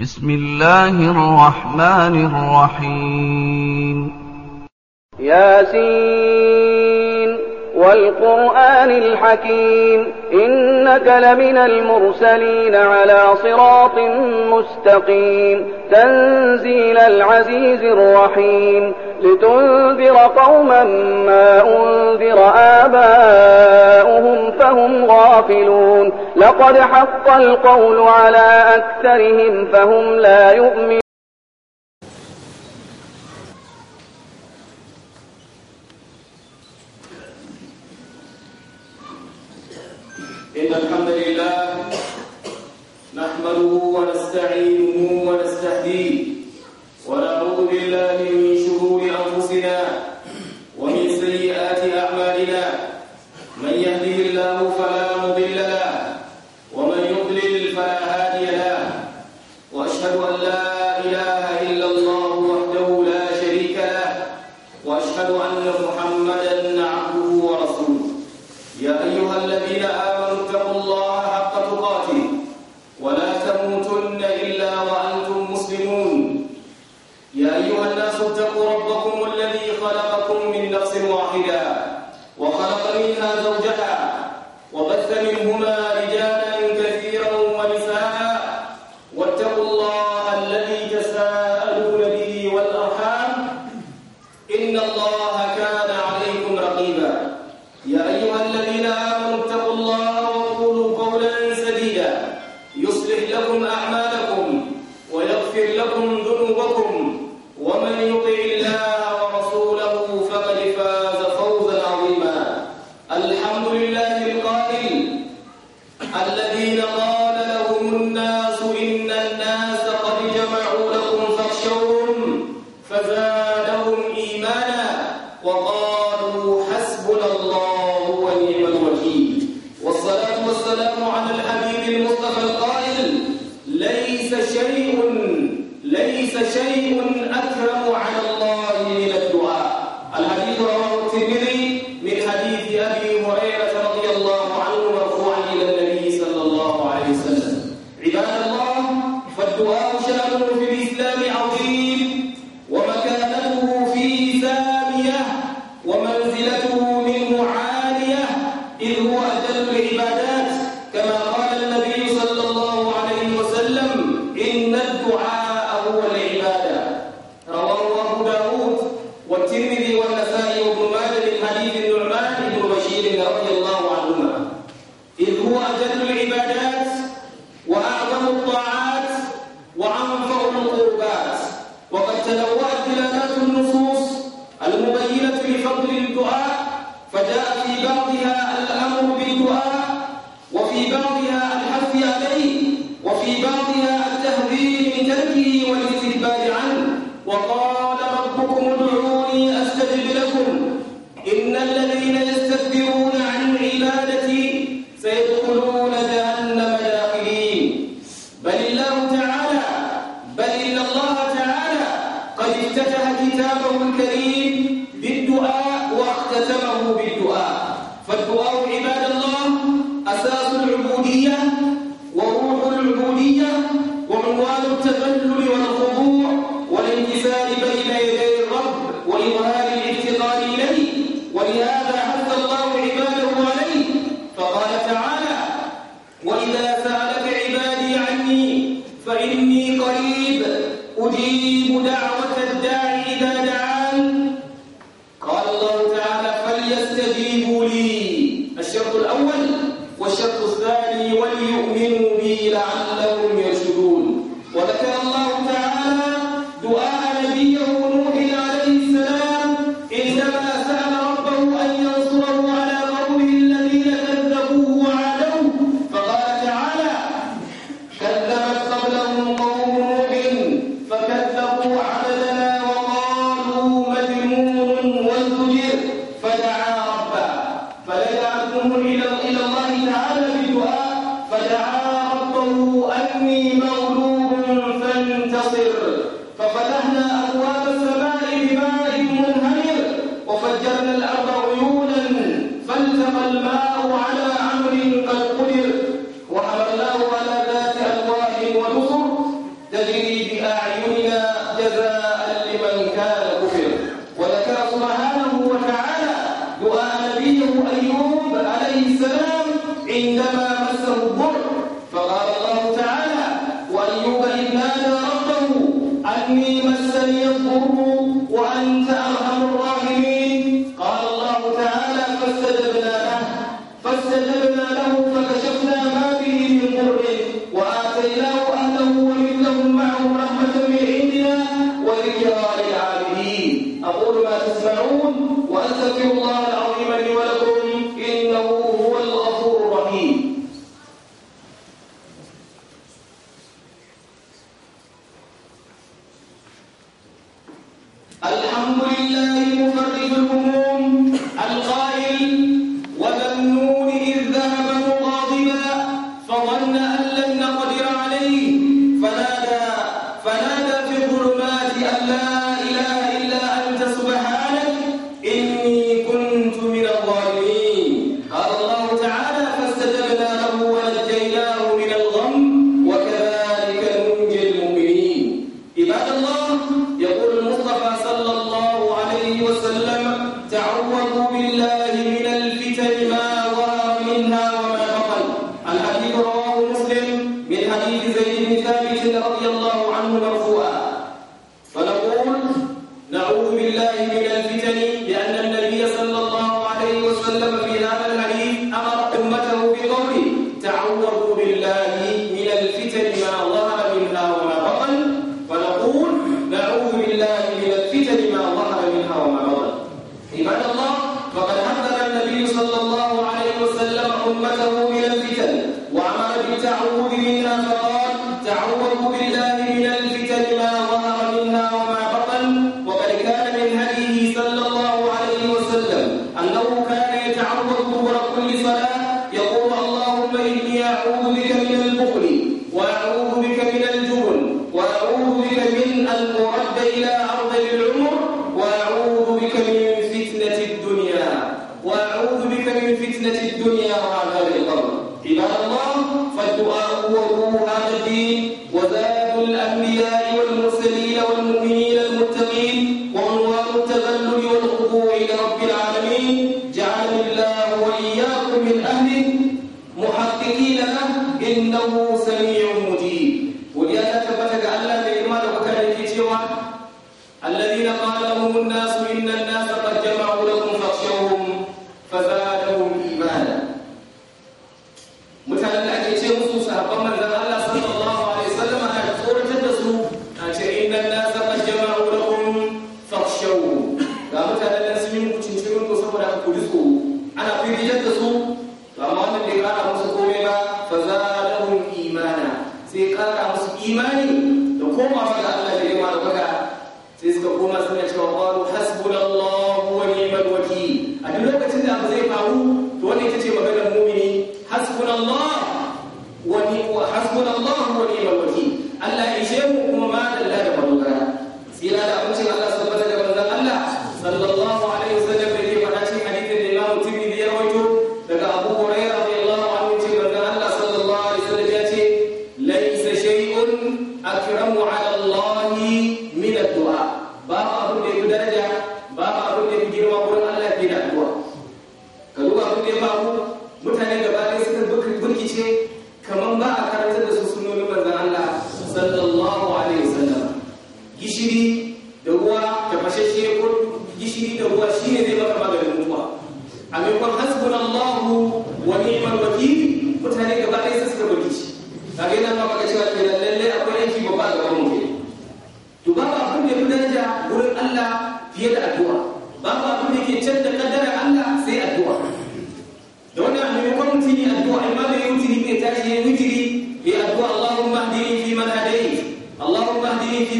بسم الله الرحمن الرحيم ياسين والقرآن الحكيم إنك لمن المرسلين على صراط مستقيم تنزيل العزيز الرحيم لتنذر قوما ما أنذر آباؤهم فهم غافلون لقد حق القول على أكثرهم فهم لا يؤمنون ونستعينه بينهما الحمد لله مفرد الأمور اللهم إني أعوذ بك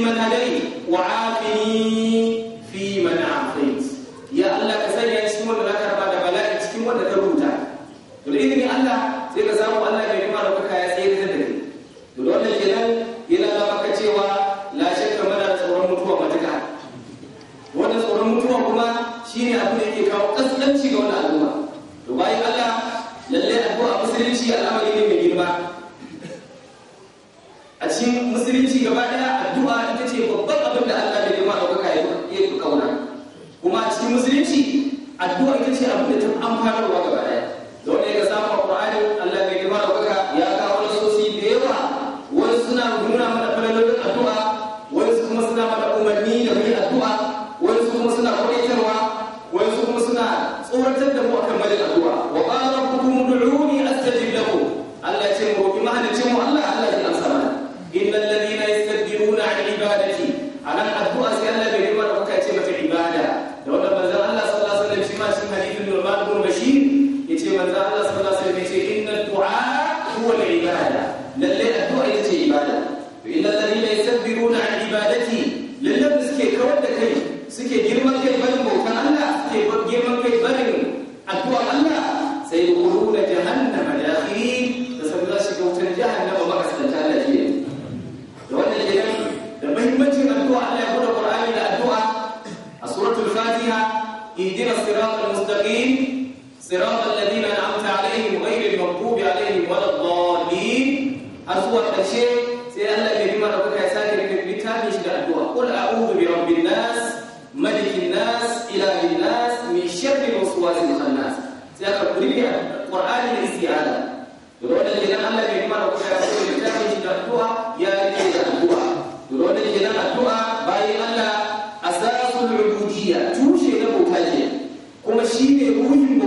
من هديت وعافني addu'a ita ce abin da ta amfanarwa gaba ɗaya ya rike da addu'a to da wannan kenan addu'a bayan Allah asasul ubudiyya tushe na bauta ne kuma shi ne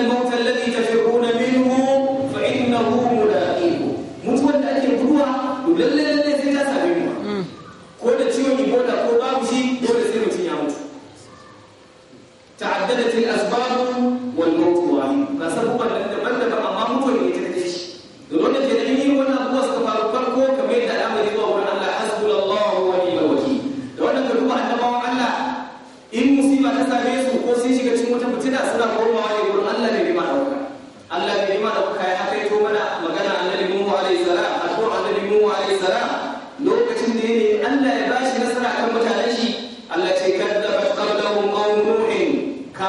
إن الموت الذي تفر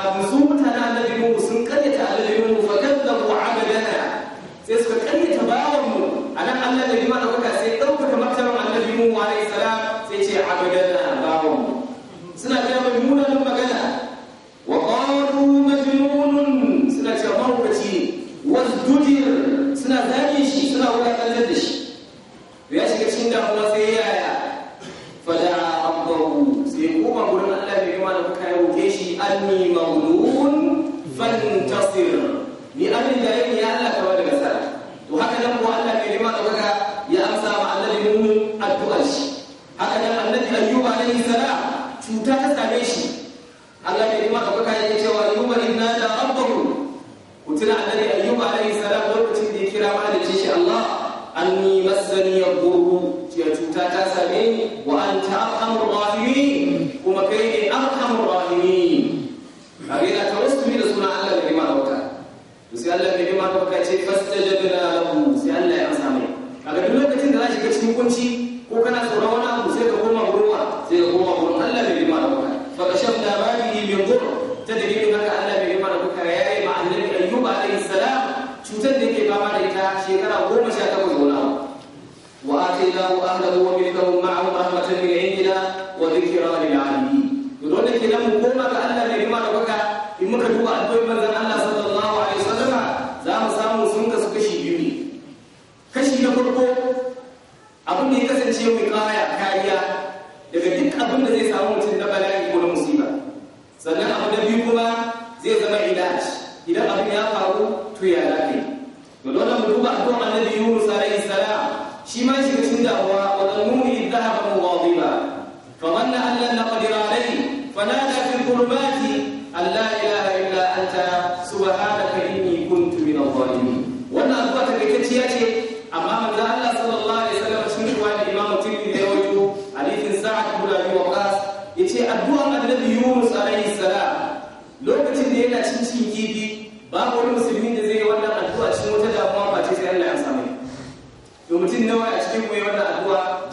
kafin su mutane annabi Nuhu sun karyata annabi Nuhu fa kadzabu abadana sai suka karyata bawan mu anan Allah da bi addu'an annabi Yunus alayhi salam lokacin da yana cin cin kifi babu wani musulmi da zai yi wannan addu'a cikin wata damuwa ba ce sai Allah ya samu to mutum nawa a cikin mu wannan addu'a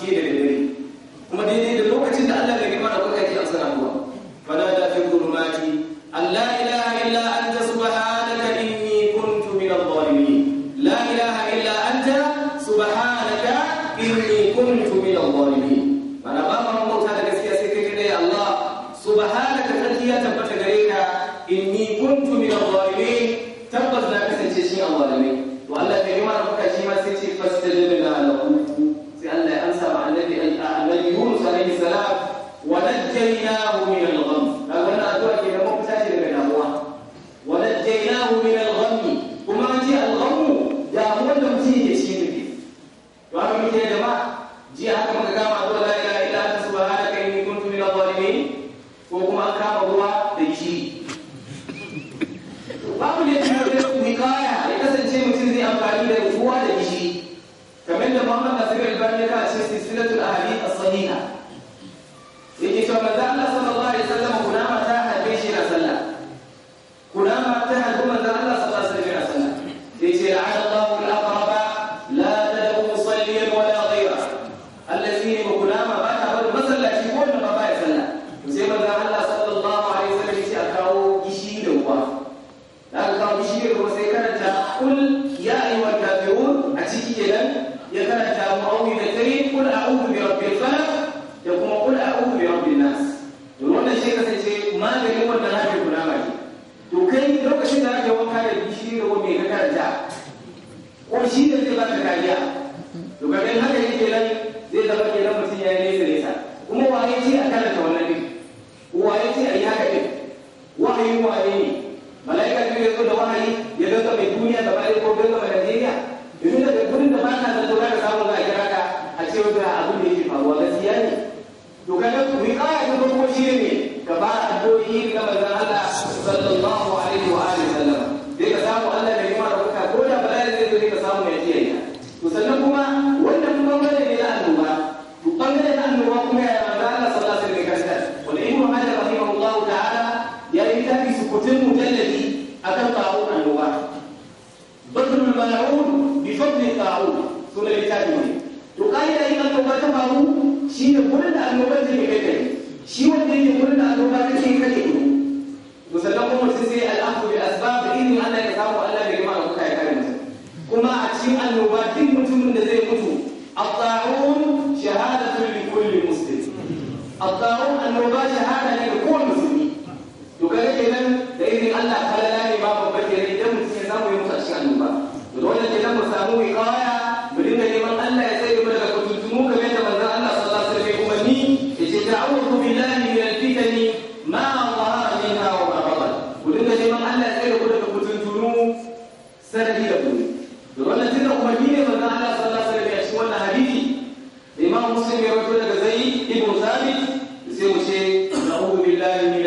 بالله من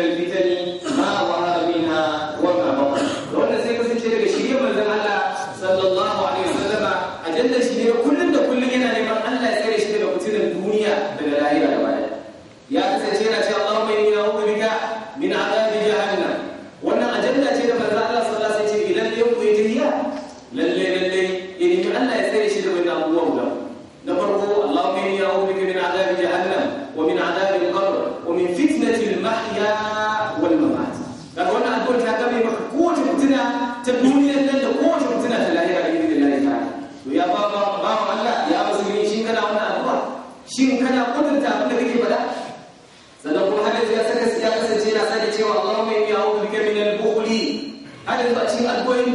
you are going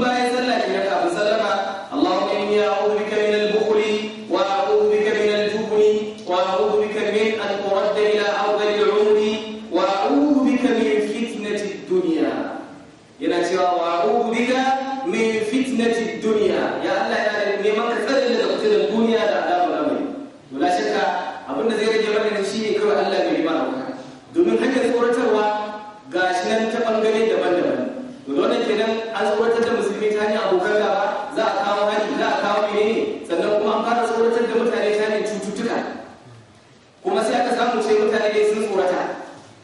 kuma sai aka samu ce mutane sun tsorata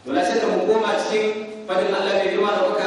to lashe mu koma cikin fadin Allah mai girma da baka